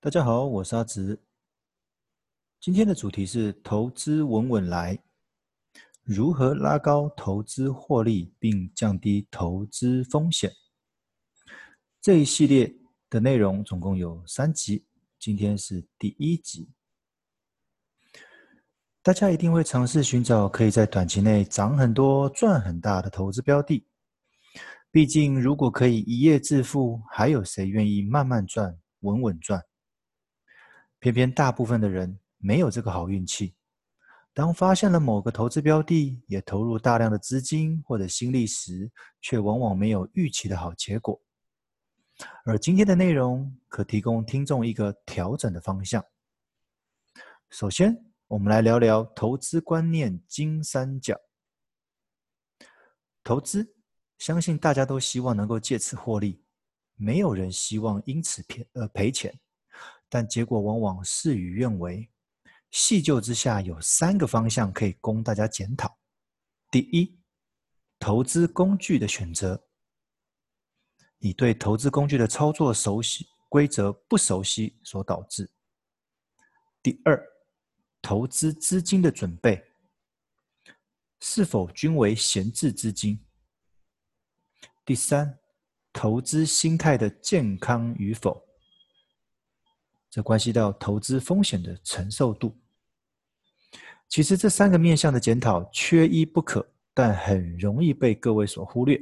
大家好，我是阿直。今天的主題是投資穩穩來，如何拉高投資獲利並降低投資風險？這一系列的內容總共有三集，今天是第一集。大家一定會嘗試尋找可以在短期內漲很多、賺很大的投資標的。畢竟，如果可以一夜致富，還有誰願意慢慢賺、穩穩賺？偏偏大部分的人沒有這個好運氣。當發現了某個投資標的，也投入大量的資金或者心力時，卻往往沒有預期的好結果。而今天的內容可提供聽眾一個調整的方向。首先，我們來聊聊投資觀念金三角。投資，相信大家都希望能夠借此獲利，沒有人希望因此騙，呃，賠錢。但結果往往事與願違。細究之下，有三個方向可以供大家檢討：第一，投資工具的選擇，你對投資工具的操作熟悉、規則不熟悉所導致；第二，投資資金的準備，是否均為閒置資金；第三，投資心態的健康與否。關係到投資風險的承受度。其實這三個面向的檢討缺一不可，但很容易被各位所忽略。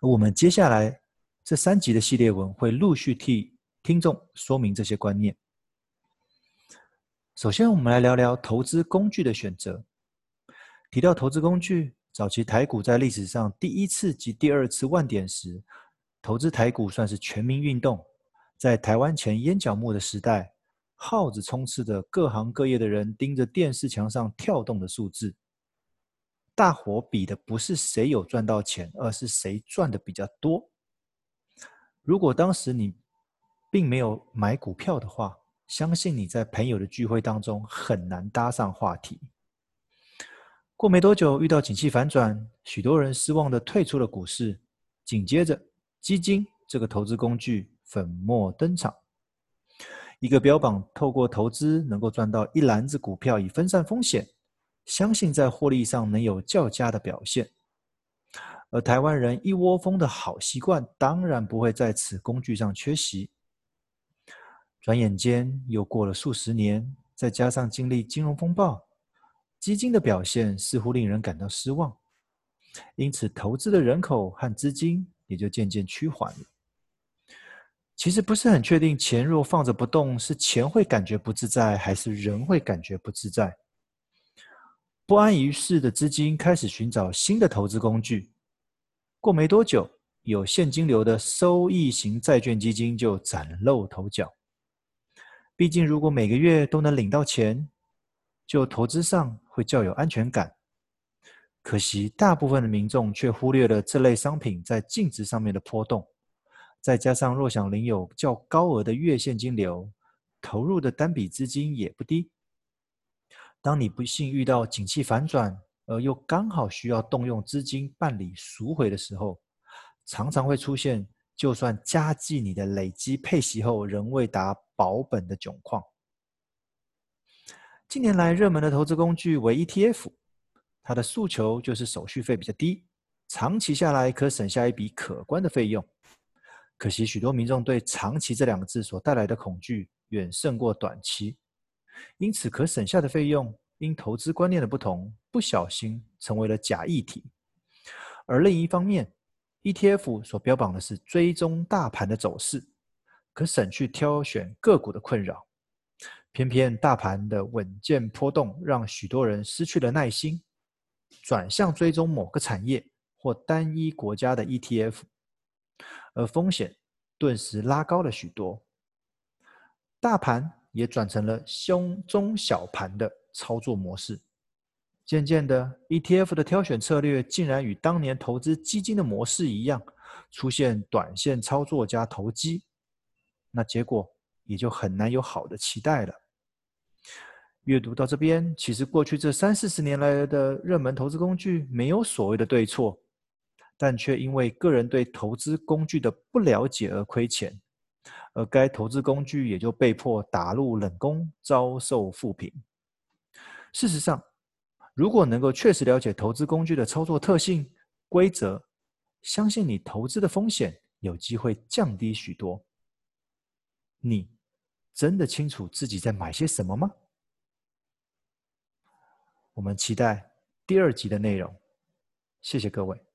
而我們接下來這三集的系列文會陸續替聽眾說明這些觀念。首先，我們來聊聊投資工具的選擇。提到投資工具，早期台股在歷史上第一次及第二次萬點時，投資台股算是全民運動。在台灣錢淹腳目的時代，號子充斥着各行各業的人，盯着電視牆上跳動的數字。大夥比的不是誰有賺到錢，而是誰賺得比較多。如果當時你並沒有買股票的話，相信你在朋友的聚會當中很難搭上話題。過沒多久，遇到景氣反轉，許多人失望地退出了股市。緊接着，基金這個投資工具。粉墨登場，一個標榜透過投資能夠賺到一籃子股票以分散風險，相信在獲利上能有較佳的表現。而台灣人一窩蜂的好習慣，當然不會在此工具上缺席。轉眼間又過了數十年，再加上經歷金融風暴，基金的表現似乎令人感到失望，因此投資的人口和資金也就漸漸趨緩了。其實不是很確定，錢若放着不動，是錢會感覺不自在，還是人會感覺不自在？不安於室的資金開始尋找新的投資工具。過沒多久，有現金流的收益型債券基金就嶄露頭角。畢竟，如果每個月都能領到錢，就投資上會較有安全感。可惜，大部分的民眾卻忽略了這類商品在淨值上面的波動。再加上，若想領有較高額的月現金流，投入的單筆資金也不低。當你不幸遇到景氣反轉，而又剛好需要動用資金辦理贖回的時候，常常會出現就算加計你的累積配息後，仍未達保本的窘況。近年來，熱門的投資工具為 ETF，它的訴求就是手續費比較低，長期下來可省下一筆可觀的費用。可惜，許多民眾對“長期”這兩個字所帶來的恐懼，遠勝過短期。因此，可省下的費用，因投資觀念的不同，不小心成為了假議題。而另一方面，ETF 所標榜的是追蹤大盤的走勢，可省去挑選個股的困擾。偏偏大盤的穩健波動，讓許多人失去了耐心，轉向追蹤某個產業或單一國家的 ETF。而風險頓時拉高了許多，大盤也轉成了中小盤的操作模式。漸漸的，ETF 的挑選策略竟然與當年投資基金的模式一樣，出現短線操作加投機，那結果也就很難有好的期待了。閱讀到這邊，其實過去這三四十年來的熱門投資工具，沒有所謂的對錯。但卻因為個人對投資工具的不了解而虧錢，而該投資工具也就被迫打入冷宮，遭受負評。事實上，如果能夠確實了解投資工具的操作特性、規則，相信你投資的風險有機會降低許多。你真的清楚自己在買些什麼嗎？我們期待第二集的內容。謝謝各位。